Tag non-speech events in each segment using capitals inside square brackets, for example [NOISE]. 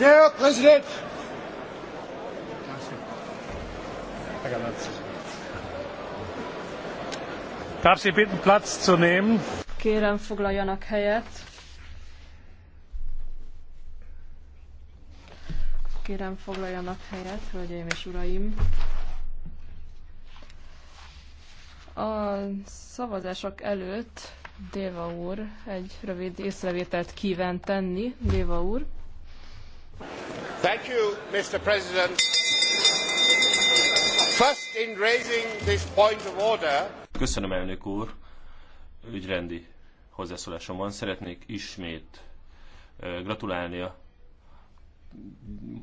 Der Präsident! Darf Sie bitten, Platz zu nehmen? Kérem, foglaljanak helyet. Kérem, foglaljanak helyet, hölgyeim és uraim. A szavazások előtt Déva úr egy rövid észrevételt kíván tenni. Déva úr. Mr. President. First in raising this point of order. Köszönöm, elnök úr. Ügyrendi hozzászólásom van. Szeretnék ismét gratulálni a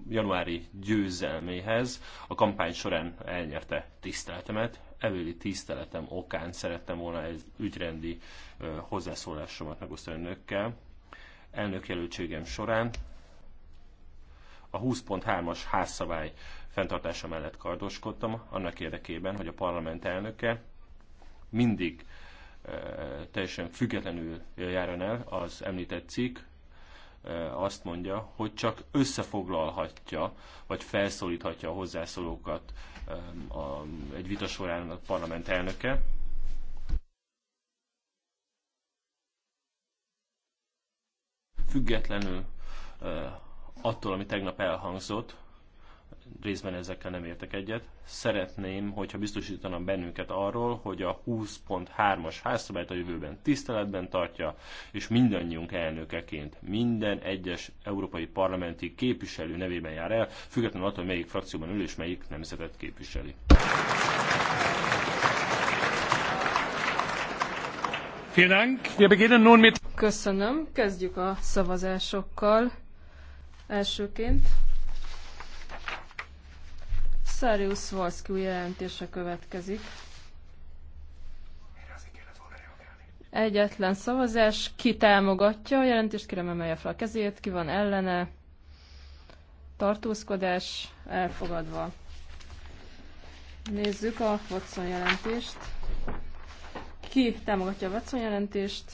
januári győzelméhez. A kampány során elnyerte tiszteletemet. Evőli tiszteletem okán szerettem volna egy ügyrendi hozzászólásomat megosztani önökkel. Elnök jelöltségem során a 20.3-as házszabály fenntartása mellett kardoskodtam, annak érdekében, hogy a parlament elnöke mindig teljesen függetlenül járjon el az említett cikk, azt mondja, hogy csak összefoglalhatja, vagy felszólíthatja a hozzászólókat a, egy vita során a parlament elnöke. Függetlenül attól, ami tegnap elhangzott, részben ezekkel nem értek egyet, szeretném, hogyha biztosítanám bennünket arról, hogy a 20.3-as házszabályt a jövőben tiszteletben tartja, és mindannyiunk elnökeként minden egyes európai parlamenti képviselő nevében jár el, függetlenül attól, hogy melyik frakcióban ül és melyik nemzetet képviseli. Köszönöm. Kezdjük a szavazásokkal. Elsőként Szárius Volszki új jelentése következik. Egyetlen szavazás. Ki támogatja a jelentést? Kérem emelje fel a kezét. Ki van ellene? Tartózkodás elfogadva. Nézzük a Watson jelentést. Ki támogatja a Watson jelentést?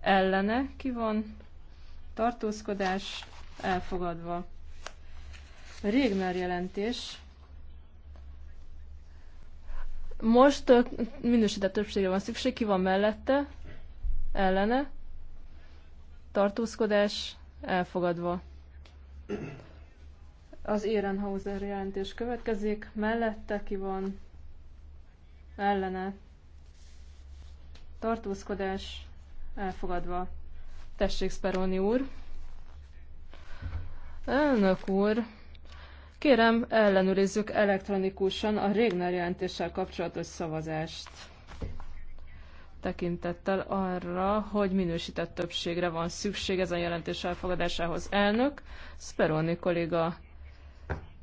Ellene ki van? Tartózkodás elfogadva. Régner jelentés. Most minősített többsége van szükség, ki van mellette, ellene, tartózkodás, elfogadva. Az Ehrenhauser jelentés következik, mellette ki van, ellene, tartózkodás, elfogadva. Tessék, Speroni úr! Elnök úr, kérem ellenőrizzük elektronikusan a Régner jelentéssel kapcsolatos szavazást. Tekintettel arra, hogy minősített többségre van szükség ezen jelentés elfogadásához. Elnök, Speroni kolléga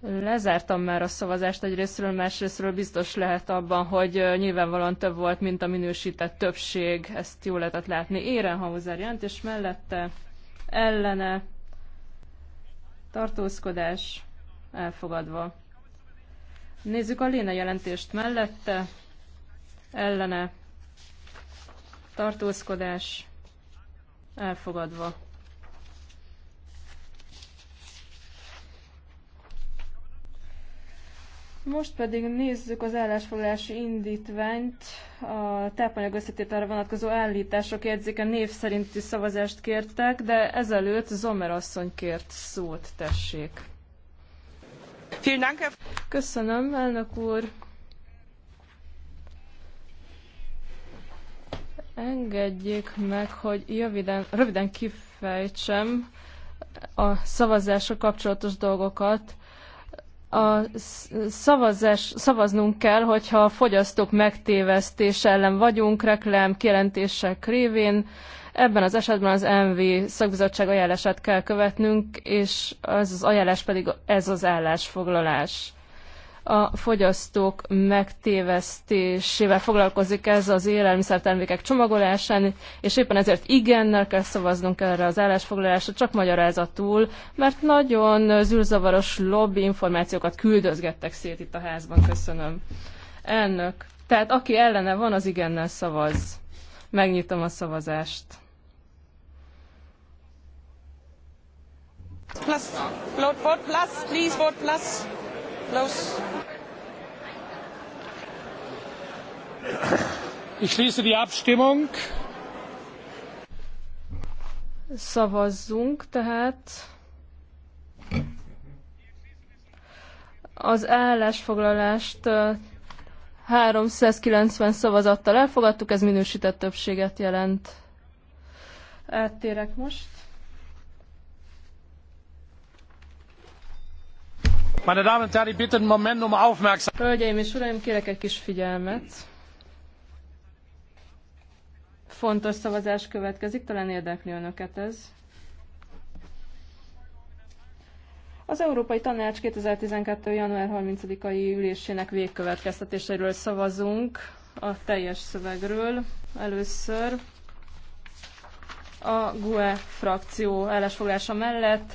Lezártam már a szavazást egyrésztről, másrésztről biztos lehet abban, hogy nyilvánvalóan több volt, mint a minősített többség. Ezt jól lehetett látni. Érenhauser Jánt, jelentés mellette ellene tartózkodás elfogadva. Nézzük a léne jelentést mellette, ellene, tartózkodás elfogadva. Most pedig nézzük az állásfoglalási indítványt. A tápanyag összetételre vonatkozó állítások jegyzéke név szerinti szavazást kértek, de ezelőtt Zomer asszony kért szót, tessék. Köszönöm, elnök úr. Engedjék meg, hogy jöviden, röviden kifejtsem a szavazásra kapcsolatos dolgokat a szavazás, szavaznunk kell, hogyha a fogyasztók megtévesztés ellen vagyunk, reklám, kijelentések révén. Ebben az esetben az MV szakbizottság ajánlását kell követnünk, és az, az ajánlás pedig ez az állásfoglalás a fogyasztók megtévesztésével foglalkozik ez az élelmiszertermékek csomagolásán, és éppen ezért igennel kell szavaznunk erre az állásfoglalásra, csak magyarázatul, mert nagyon zűrzavaros lobby információkat küldözgettek szét itt a házban. Köszönöm. Elnök. Tehát aki ellene van, az igennel szavaz. Megnyitom a szavazást. Plus, vote plus, please vote plus. Los. Ich schließe die Abstimmung. Szavazzunk tehát az állásfoglalást 390 szavazattal elfogadtuk, ez minősített többséget jelent. Áttérek most. Moment um Hölgyeim és uraim, kérek egy kis figyelmet. Fontos szavazás következik, talán érdekli önöket ez. Az Európai Tanács 2012. január 30-ai ülésének végkövetkeztetéseiről szavazunk, a teljes szövegről először. A GUE frakció állásfoglása mellett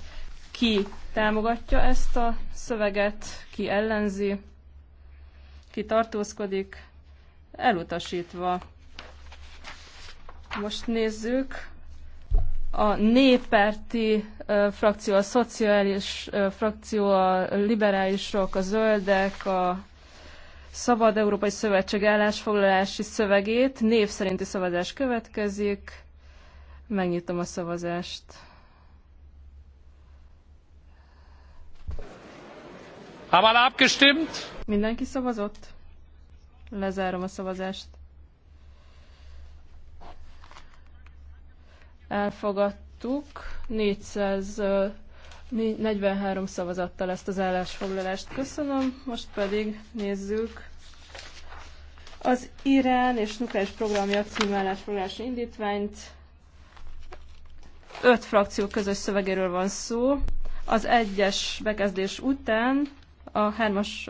ki támogatja ezt a szöveget, ki ellenzi, ki tartózkodik, elutasítva. Most nézzük a néperti ö, frakció, a szociális ö, frakció, a liberálisok, a zöldek, a Szabad Európai Szövetség állásfoglalási szövegét. Név szerinti szavazás következik. Megnyitom a szavazást. Haben alle abgestimmt? Mindenki szavazott? Lezárom a szavazást. Elfogadtuk 443 szavazattal ezt az állásfoglalást. Köszönöm. Most pedig nézzük az Irán és nukleáris programja című állásfoglalási indítványt. Öt frakció közös szövegéről van szó. Az egyes bekezdés után a hármas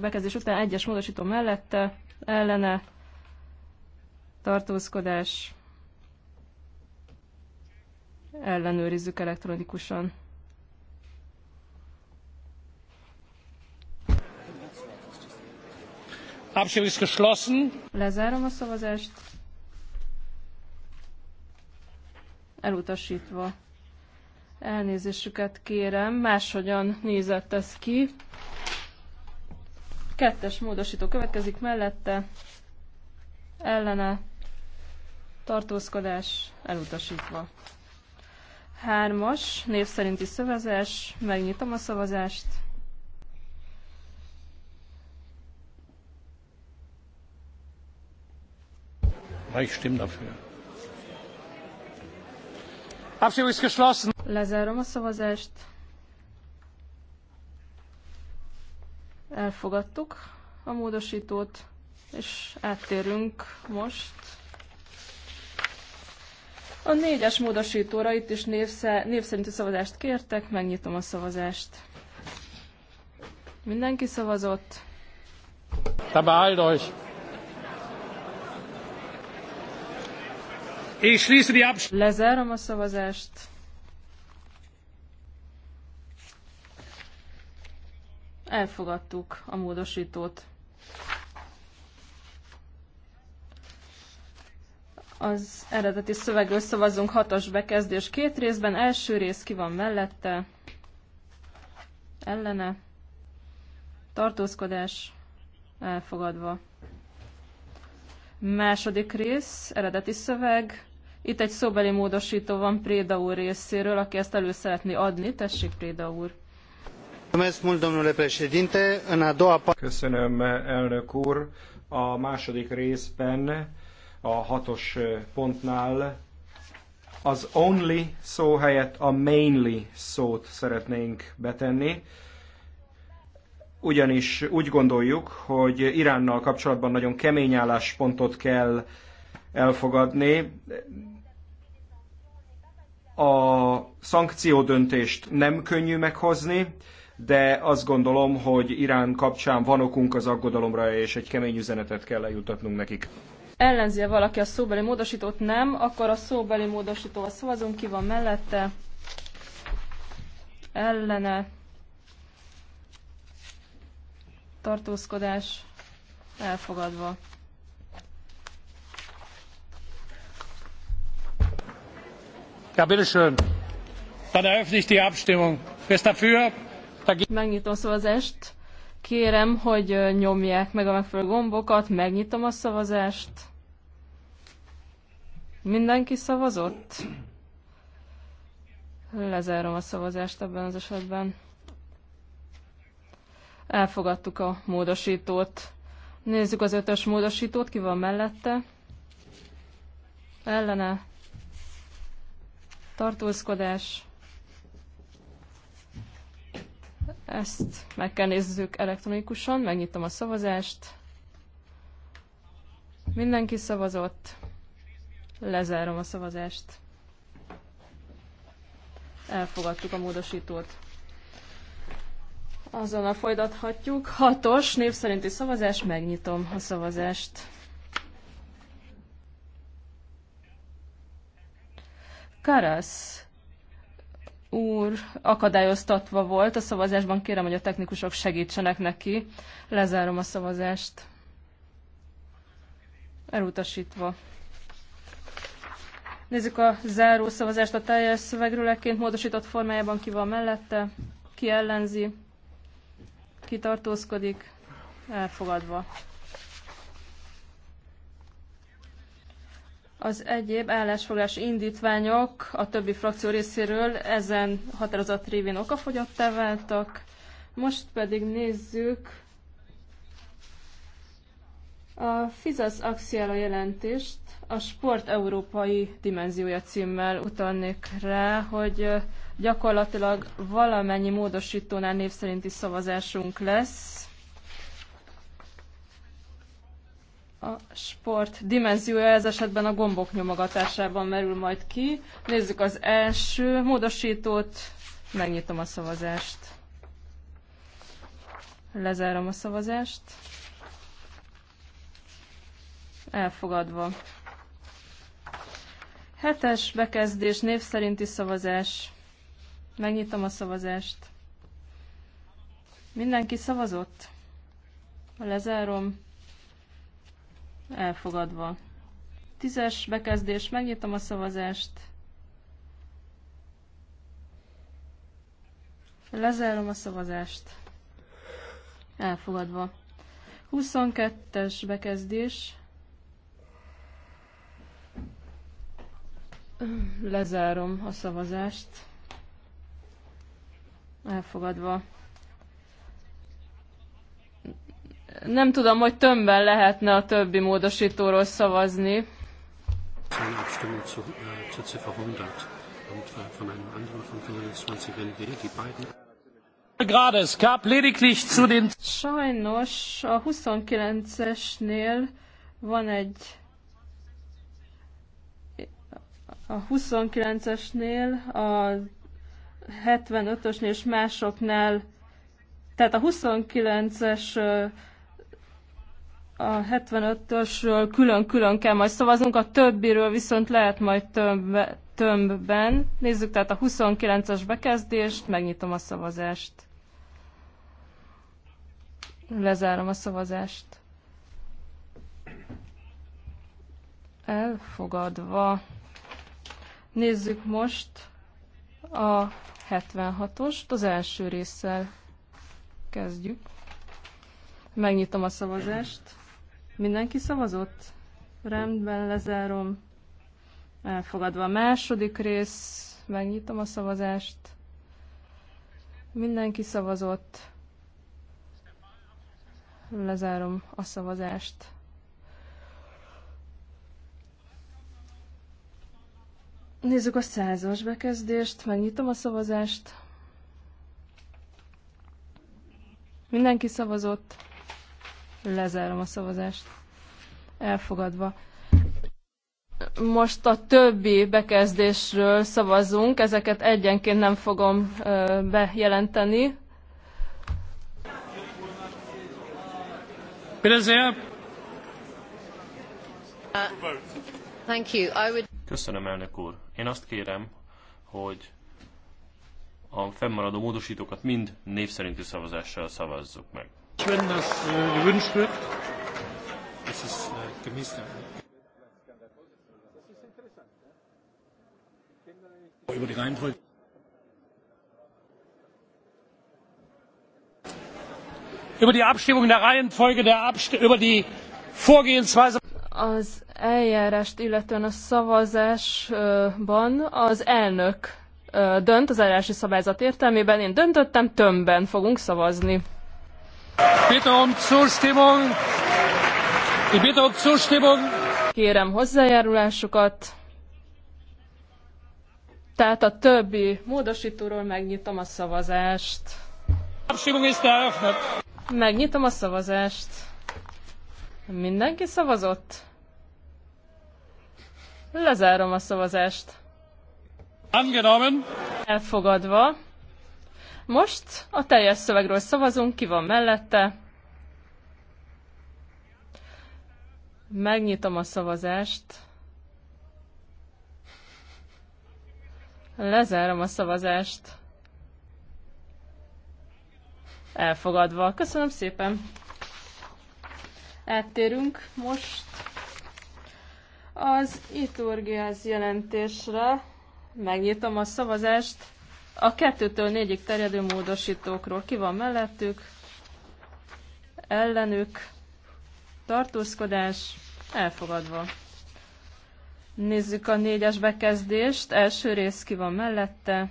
bekezdés után egyes módosító mellette ellene tartózkodás ellenőrizzük elektronikusan. Abstimmung ist geschlossen. Lezárom a szavazást. Elutasítva. Elnézésüket kérem, máshogyan nézett ez ki. Kettes módosító következik mellette, ellene, tartózkodás elutasítva. Hármas, név szerinti szavazás, megnyitom a szavazást. Ja, ich stimme dafür. Lezárom a szavazást. Elfogadtuk a módosítót, és áttérünk most a négyes módosítóra. Itt is név, szerinti szavazást kértek, megnyitom a szavazást. Mindenki szavazott. Te beálld, Lezárom a szavazást. Elfogadtuk a módosítót. Az eredeti szövegről szavazunk hatos bekezdés két részben. Első rész ki van mellette, ellene, tartózkodás, elfogadva. Második rész, eredeti szöveg, itt egy szóbeli módosító van Préda úr részéről, aki ezt elő szeretné adni. Tessék, Préda úr! Köszönöm, elnök úr! A második részben, a hatos pontnál az only szó helyett a mainly szót szeretnénk betenni ugyanis úgy gondoljuk, hogy Iránnal kapcsolatban nagyon kemény álláspontot kell elfogadni. A szankciódöntést nem könnyű meghozni, de azt gondolom, hogy Irán kapcsán van okunk az aggodalomra, és egy kemény üzenetet kell eljutatnunk nekik. Ellenzi -e valaki a szóbeli módosítót? Nem. Akkor a szóbeli módosítóval szavazunk. Ki van mellette? Ellene. Tartózkodás. Elfogadva. Dann eröffne ich die Abstimmung. Wer ist dafür? Megnyitom szavazást. Kérem, hogy nyomják meg a megfelelő gombokat. Megnyitom a szavazást. Mindenki szavazott? Lezárom a szavazást ebben az esetben. Elfogadtuk a módosítót. Nézzük az ötös módosítót, ki van mellette. Ellene tartózkodás. Ezt meg kell nézzük elektronikusan, megnyitom a szavazást. Mindenki szavazott. Lezárom a szavazást. Elfogadtuk a módosítót. Azonnal folytathatjuk. Hatos név szerinti szavazás, megnyitom a szavazást. Karasz úr akadályoztatva volt a szavazásban. Kérem, hogy a technikusok segítsenek neki. Lezárom a szavazást. Elutasítva. Nézzük a záró szavazást a teljes szövegrőleként módosított formájában, ki van mellette, ki ellenzi, ki tartózkodik, elfogadva. Az egyéb állásfogás indítványok a többi frakció részéről ezen határozat révén okafogyottá váltak. Most pedig nézzük a Fizasz Axiala jelentést a Sport Európai Dimenziója címmel utalnék rá, hogy gyakorlatilag valamennyi módosítónál név szerinti szavazásunk lesz. a sport dimenziója ez esetben a gombok nyomogatásában merül majd ki. Nézzük az első módosítót, megnyitom a szavazást. Lezárom a szavazást. Elfogadva. Hetes bekezdés, név szerinti szavazás. Megnyitom a szavazást. Mindenki szavazott? Lezárom elfogadva. Tízes bekezdés, megnyitom a szavazást. Lezárom a szavazást. Elfogadva. 22-es bekezdés. Lezárom a szavazást. Elfogadva. Nem tudom, hogy tömbben lehetne a többi módosítóról szavazni. Äh, Sajnos a 29-esnél van egy a 29-esnél, a 75-ösnél és másoknál, tehát a 29-es a 75-ösről külön-külön kell majd szavaznunk, a többiről viszont lehet majd tömbbe, tömbben. Nézzük tehát a 29-es bekezdést, megnyitom a szavazást. Lezárom a szavazást. Elfogadva. Nézzük most a 76-ost, az első résszel kezdjük. Megnyitom a szavazást. Mindenki szavazott? Rendben, lezárom. Elfogadva a második rész, megnyitom a szavazást. Mindenki szavazott. Lezárom a szavazást. Nézzük a százas bekezdést, megnyitom a szavazást. Mindenki szavazott. Lezárom a szavazást. Elfogadva. Most a többi bekezdésről szavazunk, ezeket egyenként nem fogom bejelenteni. Köszönöm, elnök úr. Én azt kérem, hogy a fennmaradó módosítókat mind név szerinti szavazással szavazzuk meg wenn das äh, gewünscht wird. Das ist äh, gemäß der. Über die Reihenfolge. Über die Abstimmung der Reihenfolge der Abst über die Vorgehensweise. Az eljárást, illetően a szavazásban az elnök dönt az eljárási szabályzat értelmében. Én döntöttem, tömbben fogunk szavazni. Um um Kérem hozzájárulásukat. Tehát a többi módosítóról megnyitom a szavazást. Megnyitom a szavazást. Mindenki szavazott? Lezárom a szavazást. Angenommen. Elfogadva. Most a teljes szövegről szavazunk, ki van mellette. Megnyitom a szavazást. Lezárom a szavazást. Elfogadva. Köszönöm szépen. Áttérünk most az iturgiáz jelentésre. Megnyitom a szavazást. A kettőtől négyig terjedő módosítókról ki van mellettük, ellenük, tartózkodás elfogadva. Nézzük a négyes bekezdést. Első rész ki van mellette,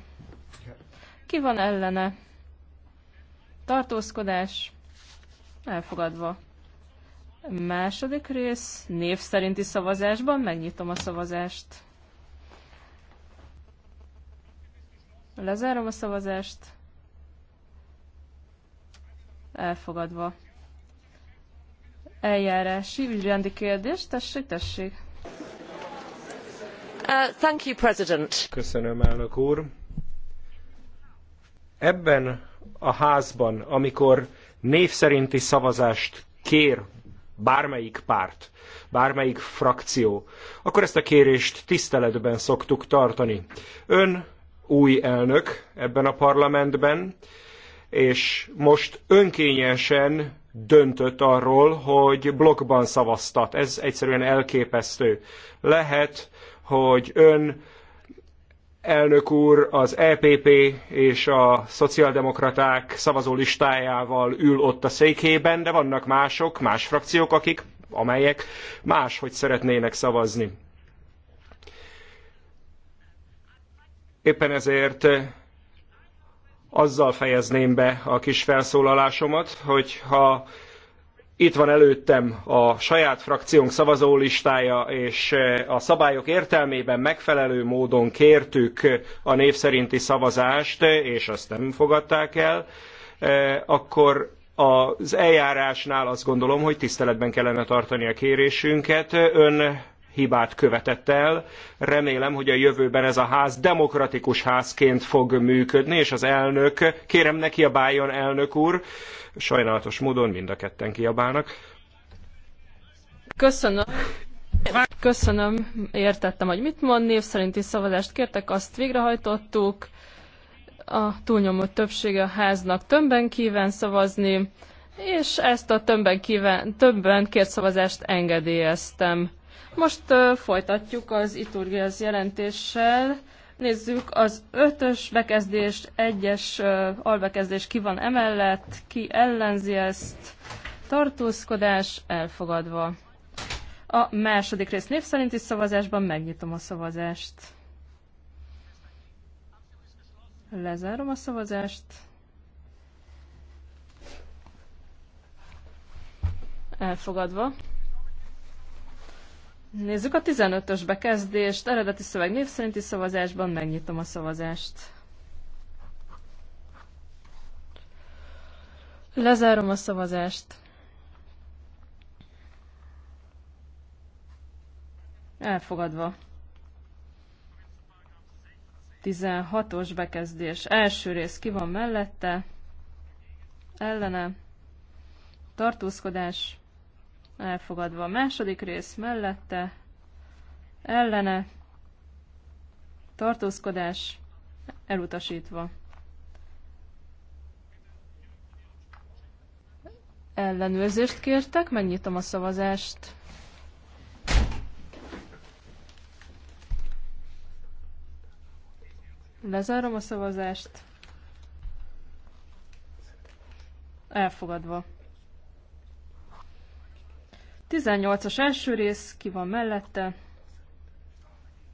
ki van ellene. Tartózkodás elfogadva. Második rész, név szerinti szavazásban megnyitom a szavazást. Lezárom a szavazást. Elfogadva eljárási ügyrendi kérdés. Tessék, tessék. Uh, thank you, President. Köszönöm, elnök úr. Ebben a házban, amikor név szerinti szavazást kér bármelyik párt, bármelyik frakció, akkor ezt a kérést tiszteletben szoktuk tartani. Ön új elnök ebben a parlamentben, és most önkényesen döntött arról, hogy blokkban szavaztat. Ez egyszerűen elképesztő. Lehet, hogy ön elnök úr az EPP és a szociáldemokraták szavazólistájával ül ott a székében, de vannak mások, más frakciók, akik, amelyek máshogy szeretnének szavazni. Éppen ezért azzal fejezném be a kis felszólalásomat, hogy ha itt van előttem a saját frakciónk szavazólistája, és eh, a szabályok értelmében megfelelő módon kértük a név szerinti szavazást, eh, és azt nem fogadták el, eh, akkor az eljárásnál azt gondolom, hogy tiszteletben kellene tartani a kérésünket. Ön hibát követett el. Remélem, hogy a jövőben ez a ház demokratikus házként fog működni, és az elnök, kérem ne kiabáljon elnök úr, sajnálatos módon mind a ketten kiabálnak. Köszönöm. Köszönöm, értettem, hogy mit mond. Név szerinti szavazást kértek, azt végrehajtottuk. A túlnyomó többsége a háznak többen kíván szavazni, és ezt a többen, kíván, többen kért szavazást engedélyeztem. Most uh, folytatjuk az Iturgiaz jelentéssel. Nézzük az ötös bekezdést, egyes uh, albekezdés ki van emellett, ki ellenzi ezt, tartózkodás elfogadva. A második rész név szerinti szavazásban megnyitom a szavazást. Lezárom a szavazást. Elfogadva. Nézzük a 15-ös bekezdést. Eredeti szöveg név szerinti szavazásban megnyitom a szavazást. Lezárom a szavazást. Elfogadva. 16-os bekezdés. Első rész ki van mellette? Ellene. Tartózkodás elfogadva. A második rész mellette, ellene, tartózkodás, elutasítva. Ellenőrzést kértek, megnyitom a szavazást. Lezárom a szavazást. Elfogadva. 18-as első rész, ki van mellette,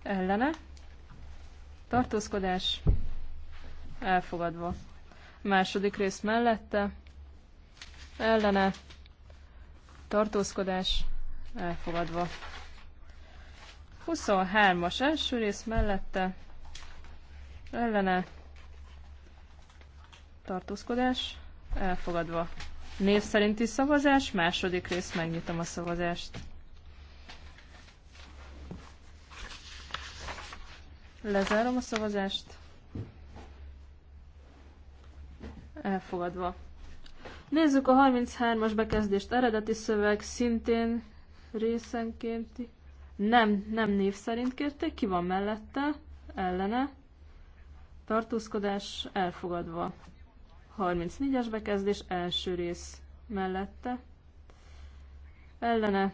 ellene, tartózkodás, elfogadva. Második rész mellette, ellene, tartózkodás, elfogadva. 23-as első rész mellette, ellene, tartózkodás, elfogadva. Név szerinti szavazás, második rész, megnyitom a szavazást. Lezárom a szavazást. Elfogadva. Nézzük a 33-as bekezdést. Eredeti szöveg szintén részenként. Nem, nem név szerint kérték. Ki van mellette? Ellene. Tartózkodás elfogadva. 34-es bekezdés első rész mellette. Ellene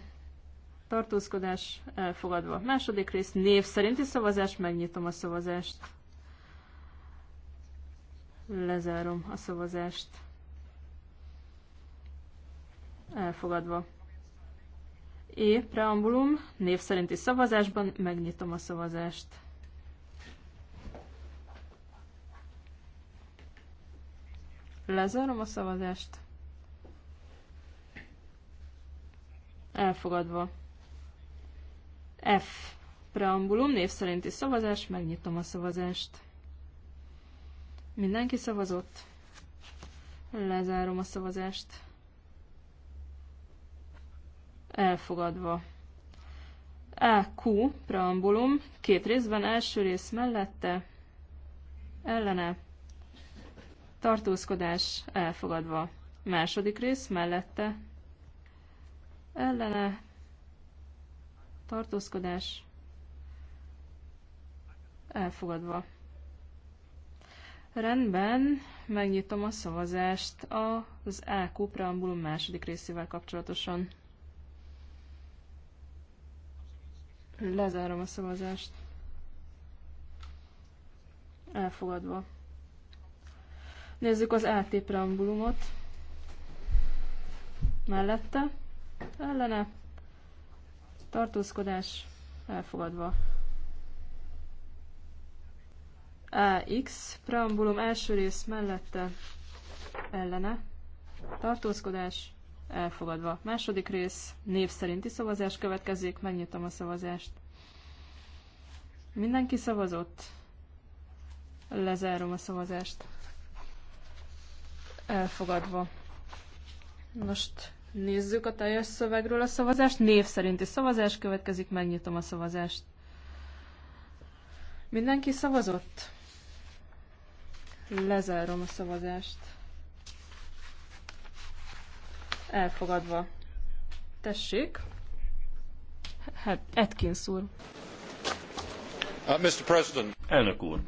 tartózkodás elfogadva. Második rész név szerinti szavazás, megnyitom a szavazást. Lezárom a szavazást. Elfogadva. É, e, preambulum, név szerinti szavazásban megnyitom a szavazást. Lezárom a szavazást. Elfogadva. F. Preambulum név szerinti szavazás, megnyitom a szavazást. Mindenki szavazott. Lezárom a szavazást. Elfogadva. AQ, e, preambulum, két részben, első rész mellette, ellene, tartózkodás elfogadva. Második rész mellette ellene tartózkodás elfogadva. Rendben, megnyitom a szavazást az AQ preambulum második részével kapcsolatosan. Lezárom a szavazást. Elfogadva. Nézzük az LT preambulumot. Mellette, ellene, tartózkodás, elfogadva. AX, e preambulum első rész mellette, ellene, tartózkodás, elfogadva. Második rész, név szerinti szavazás következik, megnyitom a szavazást. Mindenki szavazott? Lezárom a szavazást elfogadva. Most nézzük a teljes szövegről a szavazást. Név szerinti szavazás következik, megnyitom a szavazást. Mindenki szavazott? Lezárom a szavazást. Elfogadva. Tessék. Hát, Atkins úr. Uh, Mr. President. Elnök úr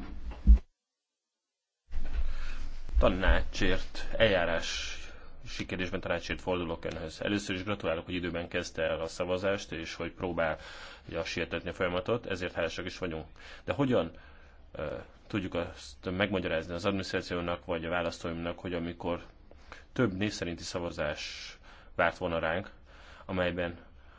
tanácsért, eljárás sikerésben tanácsért fordulok önhöz. Először is gratulálok, hogy időben kezdte el a szavazást, és hogy próbálja sietetni a folyamatot, ezért hálásak is vagyunk. De hogyan uh, tudjuk azt megmagyarázni az adminisztrációnak, vagy a választóimnak, hogy amikor több név szerinti szavazás várt volna ránk, amelyben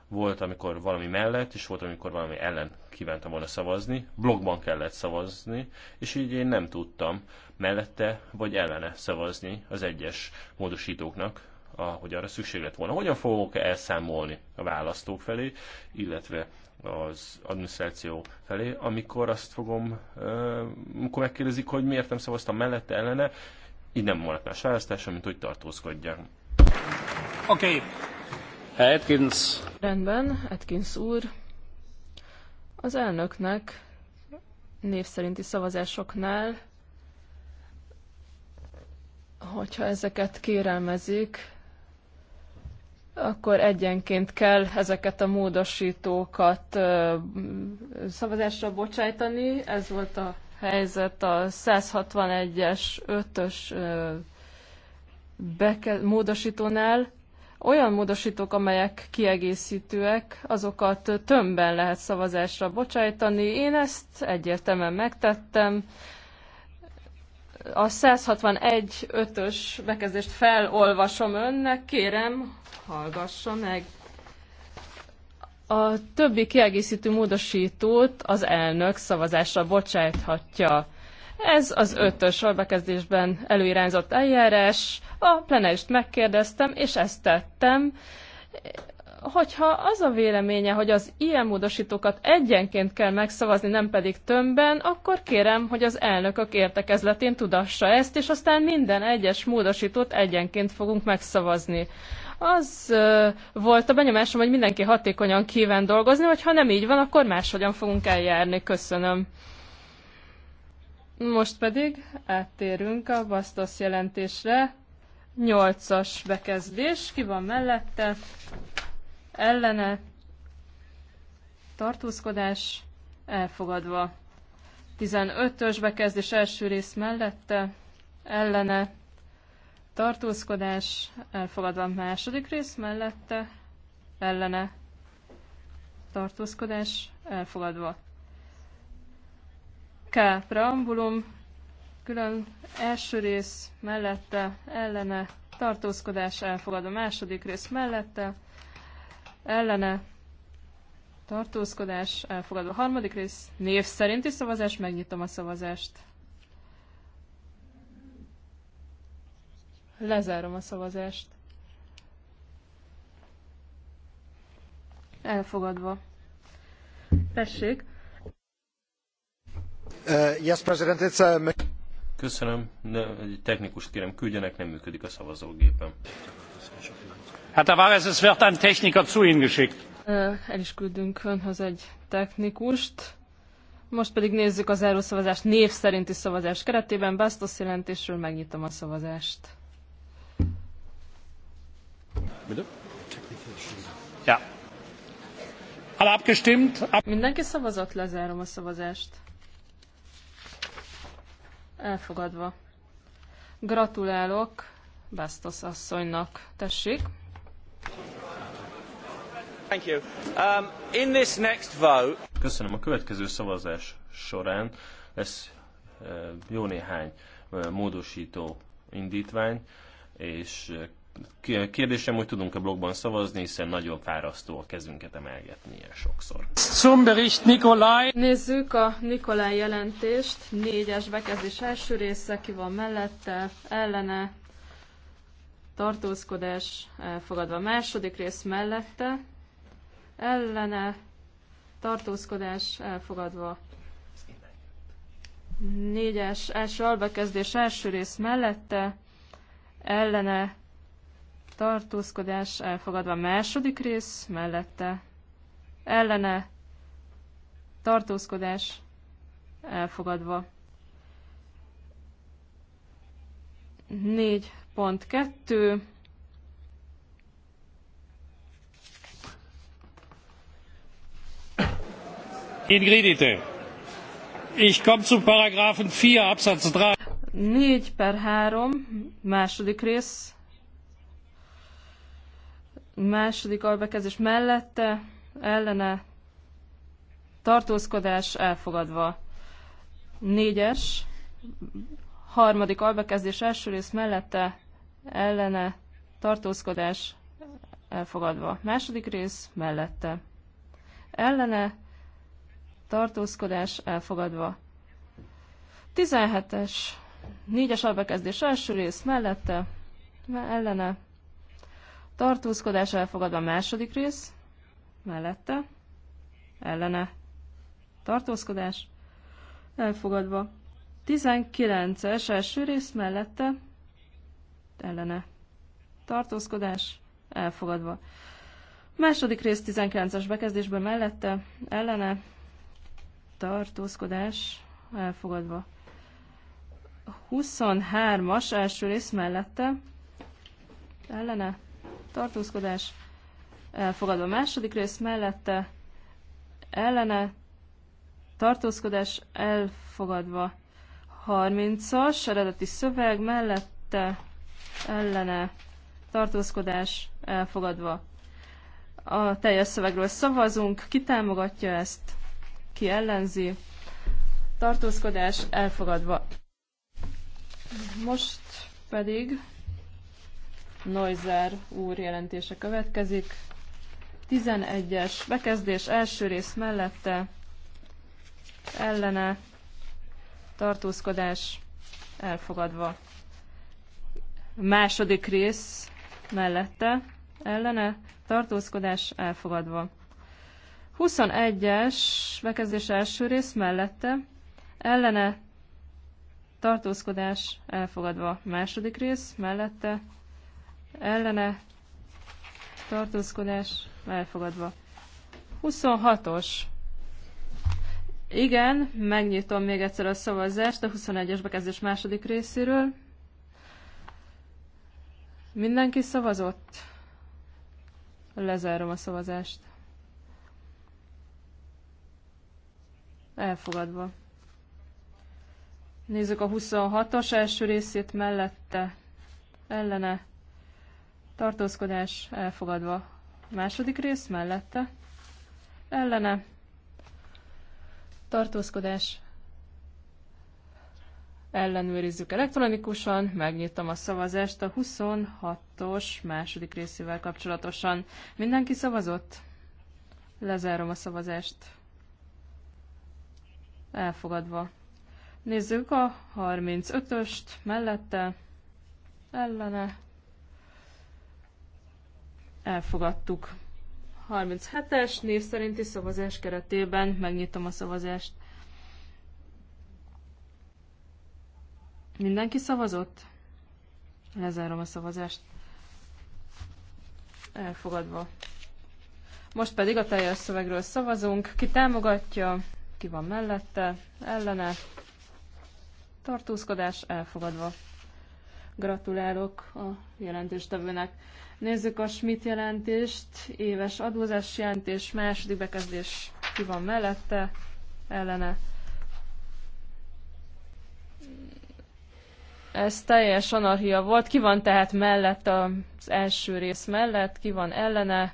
volt, amikor valami mellett, és volt, amikor valami ellen kívántam volna szavazni. Blogban kellett szavazni, és így én nem tudtam mellette vagy ellene szavazni az egyes módosítóknak, ahogy arra szükség lett volna. Hogyan fogok elszámolni a választók felé, illetve az adminisztráció felé, amikor azt fogom, amikor megkérdezik, hogy miért nem szavaztam mellette, ellene, így nem maradt más választás, mint hogy tartózkodjak. Oké, okay. Atkins. Rendben, Atkins úr. Az elnöknek név szerinti szavazásoknál, hogyha ezeket kérelmezik, akkor egyenként kell ezeket a módosítókat szavazásra bocsájtani. Ez volt a helyzet a 161-es 5-ös módosítónál. Olyan módosítók, amelyek kiegészítőek, azokat tömbben lehet szavazásra bocsájtani. Én ezt egyértelműen megtettem. A 161 5-ös bekezdést felolvasom önnek, kérem, hallgassa meg. A többi kiegészítő módosítót az elnök szavazásra bocsájthatja. Ez az ötös sorbekezdésben előirányzott eljárás. A plenelist megkérdeztem, és ezt tettem. Hogyha az a véleménye, hogy az ilyen módosítókat egyenként kell megszavazni, nem pedig tömbben, akkor kérem, hogy az elnökök értekezletén tudassa ezt, és aztán minden egyes módosítót egyenként fogunk megszavazni az volt a benyomásom, hogy mindenki hatékonyan kíván dolgozni, vagy ha nem így van, akkor máshogyan fogunk eljárni. Köszönöm. Most pedig áttérünk a Bastos jelentésre. Nyolcas bekezdés, ki van mellette, ellene, tartózkodás, elfogadva. 15-ös bekezdés első rész mellette, ellene, tartózkodás, elfogadva második rész mellette, ellene, tartózkodás, elfogadva. K. Preambulum, külön első rész mellette, ellene, tartózkodás elfogad a második rész mellette, ellene, tartózkodás elfogadva. A harmadik rész név szerinti szavazás, megnyitom a szavazást. Lezárom a szavazást. Elfogadva. Tessék. Uh, yes, President, it's a... Uh, Köszönöm, de egy technikust kérem, küldjenek, nem működik a szavazógépem. Hát a es wird ein Techniker zu Ihnen geschickt. El is küldünk Önhöz egy technikust. Most pedig nézzük az előszavazást név szerinti szavazás keretében. Bastos jelentésről megnyitom a szavazást. Bitte? Ja. Alle Mindenki szavazott, lezárom a szavazást. Elfogadva. Gratulálok Bastos asszonynak. Tessék. Thank you. Um, in this next vote... Köszönöm. A következő szavazás során lesz eh, jó néhány eh, módosító indítvány, és eh, Kérdésem, hogy tudunk-e blogban szavazni, hiszen nagyon fárasztó a kezünket emelgetni ilyen sokszor. Zumbericht Nikolaj! Nézzük a Nikolaj jelentést. Négyes bekezdés első része, ki van mellette, ellene, tartózkodás elfogadva. Második rész mellette, ellene, tartózkodás elfogadva. Négyes első albekezdés első rész mellette, ellene, tartózkodás elfogadva. Második rész mellette ellene tartózkodás elfogadva. 4.2 Ingridite, ich komme zu Paragraphen 4 Absatz 3. 4 per 3, második rész, Második albekezés mellette, ellene, tartózkodás elfogadva. Négyes, harmadik albekezdés első rész mellette, ellene, tartózkodás elfogadva. Második rész mellette. Ellene, tartózkodás elfogadva. 17-es, 4 albekezdés első rész mellette, ellene, tartózkodás elfogadva második rész, mellette, ellene, tartózkodás elfogadva. 19-es első rész mellette, ellene, tartózkodás elfogadva. Második rész 19-es bekezdésben mellette, ellene, tartózkodás elfogadva. 23-as első rész mellette, ellene, tartózkodás elfogadva. Második rész mellette ellene tartózkodás elfogadva. 30-as eredeti szöveg mellette ellene tartózkodás elfogadva. A teljes szövegről szavazunk, ki támogatja ezt, ki ellenzi, tartózkodás elfogadva. Most pedig Neuser úr jelentése következik. 11-es bekezdés első rész mellette ellene tartózkodás elfogadva. Második rész mellette ellene tartózkodás elfogadva. 21-es bekezdés első rész mellette ellene tartózkodás elfogadva. Második rész mellette ellene tartózkodás elfogadva. 26-os. Igen, megnyitom még egyszer a szavazást a 21-es bekezdés második részéről. Mindenki szavazott? Lezárom a szavazást. Elfogadva. Nézzük a 26-os első részét mellette. Ellene tartózkodás elfogadva. Második rész mellette, ellene, tartózkodás ellenőrizzük elektronikusan, megnyitom a szavazást a 26-os második részével kapcsolatosan. Mindenki szavazott? Lezárom a szavazást. Elfogadva. Nézzük a 35-öst mellette, ellene, Elfogadtuk. 37-es név szerinti szavazás keretében megnyitom a szavazást. Mindenki szavazott? Lezárom a szavazást. Elfogadva. Most pedig a teljes szövegről szavazunk. Ki támogatja, ki van mellette, ellene. Tartózkodás elfogadva. Gratulálok a jelentéstevőnek. Nézzük a Schmidt jelentést, éves adózás jelentés, második bekezdés ki van mellette, ellene. Ez teljes anarchia volt. Ki van tehát mellett az első rész mellett, ki van ellene,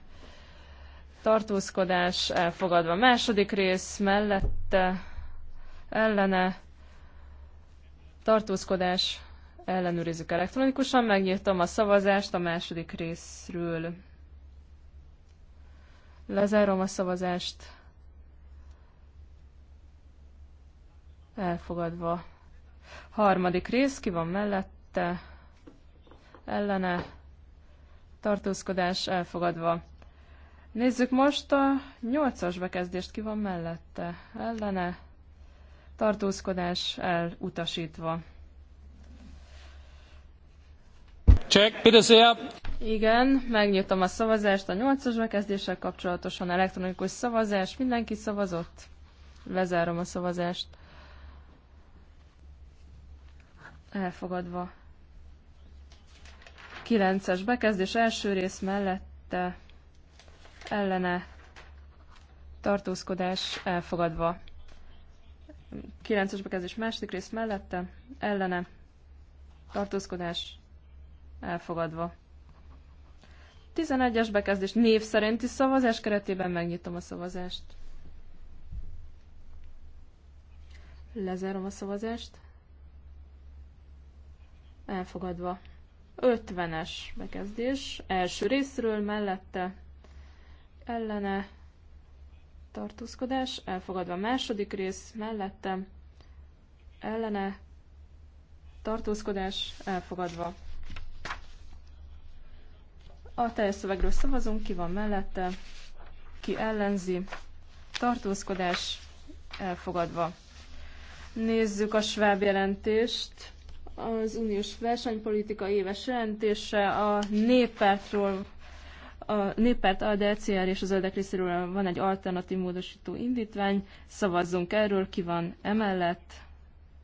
tartózkodás elfogadva. Második rész mellette, ellene, tartózkodás ellenőrizzük elektronikusan, megnyitottam a szavazást a második részről. Lezárom a szavazást. Elfogadva. Harmadik rész, ki van mellette? Ellene. Tartózkodás elfogadva. Nézzük most a nyolcas bekezdést, ki van mellette? Ellene. Tartózkodás elutasítva. Check, bitte sehr. Igen, megnyitom a szavazást a nyolcas bekezdéssel kapcsolatosan elektronikus szavazás. Mindenki szavazott? Lezárom a szavazást. Elfogadva. Kilences es bekezdés első rész mellette ellene tartózkodás elfogadva. Kilences es bekezdés második rész mellette ellene tartózkodás Elfogadva. 11-es bekezdés név szerinti szavazás keretében megnyitom a szavazást. Lezárom a szavazást. Elfogadva. 50-es bekezdés. Első részről mellette ellene tartózkodás. Elfogadva második rész mellette ellene tartózkodás. Elfogadva. A teljes szövegről szavazunk, ki van mellette, ki ellenzi, tartózkodás elfogadva. Nézzük a sváb jelentést. Az uniós versenypolitika éves jelentése a néppártról a néppárt ADCR és az öldek részéről van egy alternatív módosító indítvány. Szavazzunk erről, ki van emellett,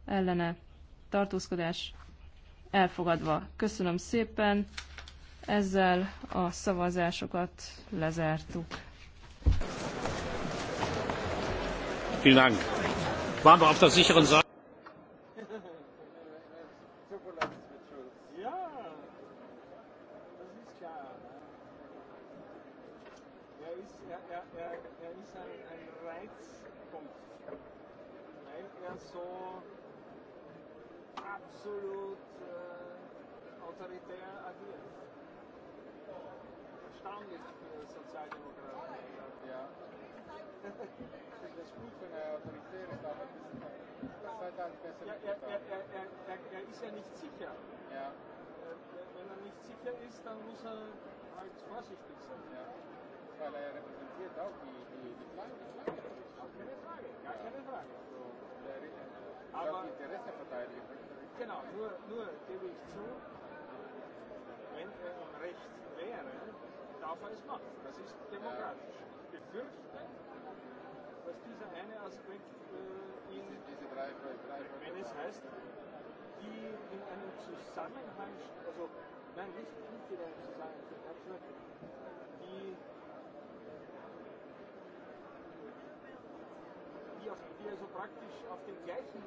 ellene, tartózkodás elfogadva. Köszönöm szépen! Ezzel a szavazásokat lezártuk. Vielen Dank. Waren wir auf der sicheren Seite? größer als Wasserspitze. Ja. Weil er repräsentiert auch die, die, die Flagge. Keine Frage, gar keine Frage. Also, der, der Aber die Interesse verteidigt. Genau, nur, nur gebe ich zu, wenn er im Recht wäre, darf er es machen. Das ist demokratisch. Ja. Ich befürchte, dass dieser eine Aspekt äh, in, diese, diese drei, drei, drei, wenn es heißt, die in einem Zusammenhang, also Nein, nicht, nicht jeder sozusagen Deutsche, die, die, auf, die also praktisch auf den gleichen,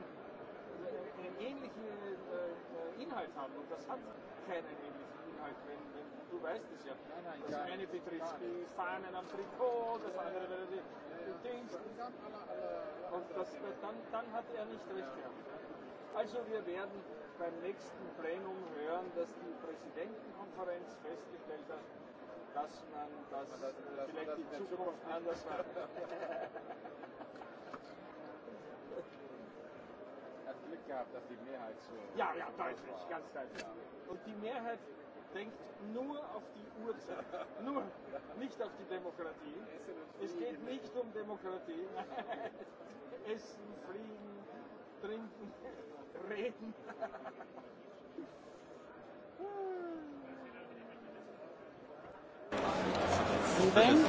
also einen ähnlichen äh, Inhalt haben. Und das hat keinen ähnlichen Inhalt, wenn, wenn du weißt es ja. Nein, nein, das eine betrifft die Fahnen am Trikot, das andere ja, die, die Dings. Und das, dann, dann hat er nicht recht gehabt. Also wir werden beim nächsten Plenum hören, dass die Präsidentenkonferenz festgestellt hat, dass man das, dass, dass vielleicht das in Zukunft anders macht. [LAUGHS] Hat Glück gehabt, dass die Mehrheit so. Ja, ja, deutlich, war. ganz deutlich. Und die Mehrheit denkt nur auf die Uhrzeit, nur, nicht auf die Demokratie. Es geht nicht um Demokratie. [LAUGHS] Essen, Fliegen, Trinken reden. Sieben.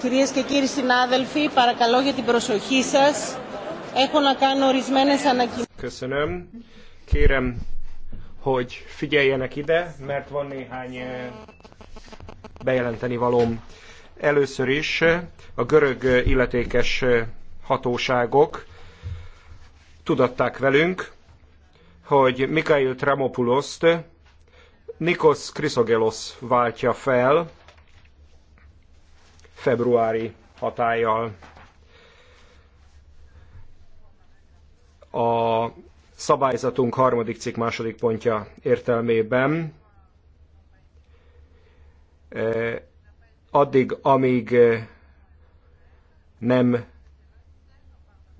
Κυρίες και κύριοι συνάδελφοι, παρακαλώ για την προσοχή σας. Έχω να κάνω ορισμένες ανακοινώσεις. Kérem, hogy figyeljenek ide, mert van néhány bejelenteni valom Először is a görög illetékes hatóságok tudatták velünk, hogy Mikhail Tremopoulos, Nikos Krisogelos váltja fel februári hatállyal. A szabályzatunk harmadik cikk második pontja értelmében Eh, addig, amíg eh, nem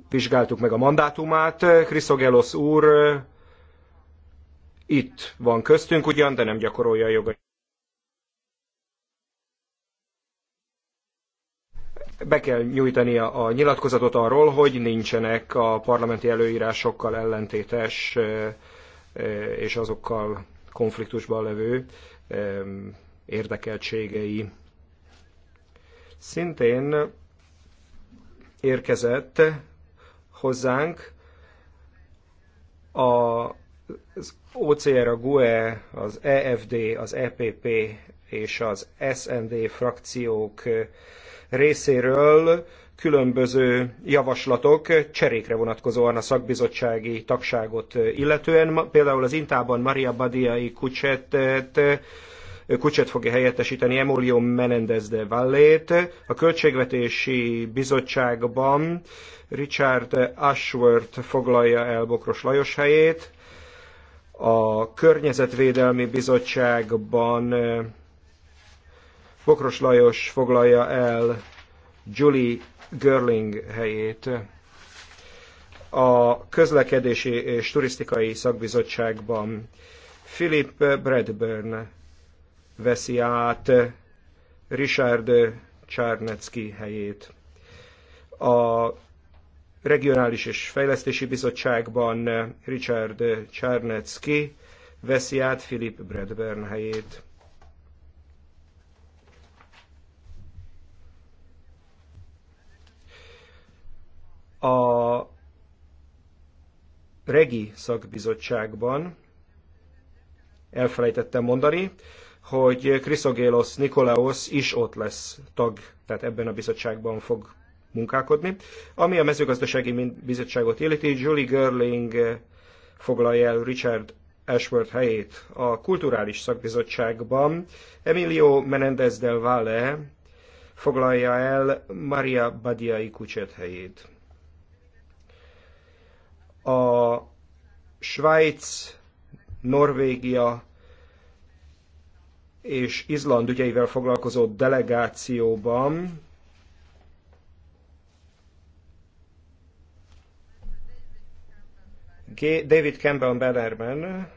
vizsgáltuk meg a mandátumát. Kriszogelos eh, úr itt van köztünk ugyan, de nem gyakorolja a jogait. Be kell nyújtania a nyilatkozatot arról, hogy nincsenek a parlamenti előírásokkal ellentétes és azokkal konfliktusban levő érdekeltségei. Szintén érkezett hozzánk az OCR, a GUE, az EFD, az EPP és az SND frakciók részéről különböző javaslatok cserékre vonatkozóan a szakbizottsági tagságot illetően. Például az Intában Maria Badiai Kucsetet Kucset fogja helyettesíteni Emolio Menendez de Vallét. A Költségvetési Bizottságban Richard Ashworth foglalja el Bokros Lajos helyét. A Környezetvédelmi Bizottságban Bokros Lajos foglalja el Julie Görling helyét a közlekedési és turisztikai szakbizottságban Philip Bradburn veszi át Richard Csárnecki helyét. A Regionális és Fejlesztési Bizottságban Richard Csárnecki veszi át Philip Bradburn helyét. A Regi szakbizottságban elfelejtettem mondani, hogy Kriszogélos Nikolaos is ott lesz tag, tehát ebben a bizottságban fog munkálkodni. Ami a mezőgazdasági bizottságot illeti, Julie Görling eh, foglalja el Richard Ashworth helyét a kulturális szakbizottságban. Emilio Menendez del Valle foglalja el Maria Badiai Kucset helyét. A Svájc, Norvégia, és Izland ügyeivel foglalkozó delegációban David Campbell Bannerman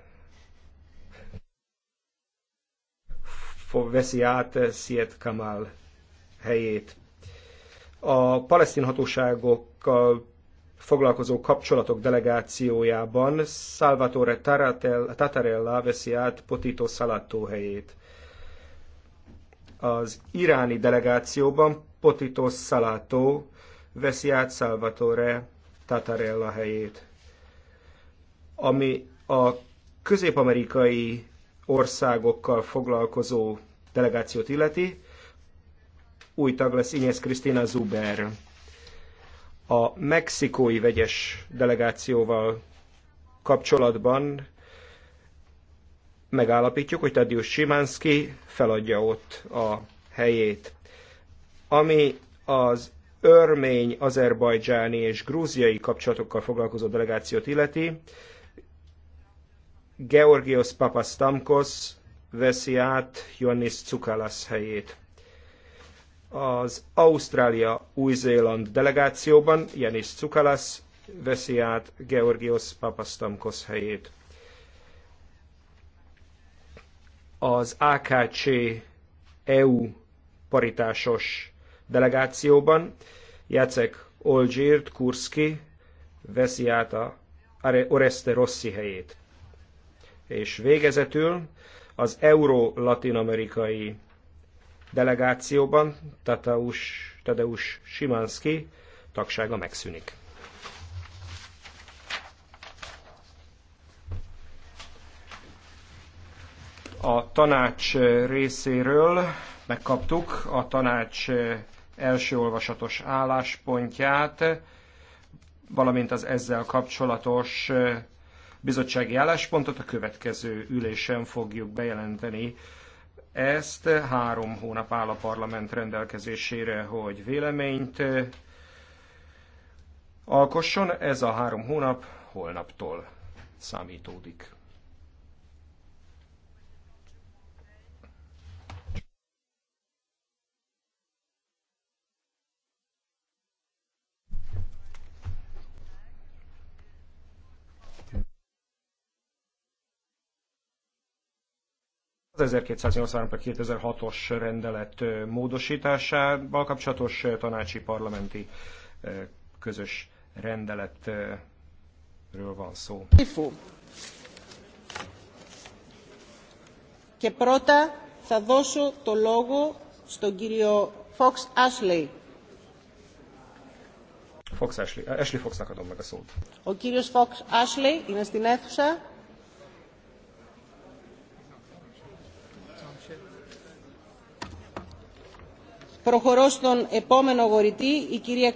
veszi át Siet Kamal helyét. A palesztin hatóságokkal foglalkozó kapcsolatok delegációjában Salvatore Tatarella veszi át Potito Salatto helyét az iráni delegációban Potito Salato veszi át Salvatore Tatarella helyét, ami a közép-amerikai országokkal foglalkozó delegációt illeti, új tag lesz Inés Cristina Zuber. A mexikói vegyes delegációval kapcsolatban megállapítjuk, hogy Tadius Simanski feladja ott a helyét. Ami az örmény, azerbajdzsáni és grúziai kapcsolatokkal foglalkozó delegációt illeti, Georgios Papastamkos veszi át Ioannis Cukalas helyét. Az Ausztrália-Új-Zéland delegációban Janis Cukalas veszi át Georgios Papastamkos helyét. az AKC EU paritásos delegációban. Jacek Olgyírt, Kurszki veszi át a Oreste Rossi helyét. És végezetül az Euró-Latin-amerikai delegációban Tadeusz, Tadeusz Simanski tagsága megszűnik. a tanács eh, részéről megkaptuk a tanács eh, első olvasatos álláspontját, valamint az ezzel kapcsolatos eh, bizottsági álláspontot a következő ülésen fogjuk bejelenteni. Ezt három hónap áll a parlament rendelkezésére, hogy véleményt alkosson. Ez a három hónap holnaptól számítódik. Az 1283 2006-os rendelet módosításával kapcsolatos tanácsi parlamenti közös rendeletről van szó. Και πρώτα θα δώσω το λόγο στον κύριο Fox Ashley. Fox Ashley. Ashley Foxnak adom meg a szót. Ο κύριος Fox Ashley είναι στην αίθουσα. Προχωρώ στον επόμενο αγορητή, η κυρία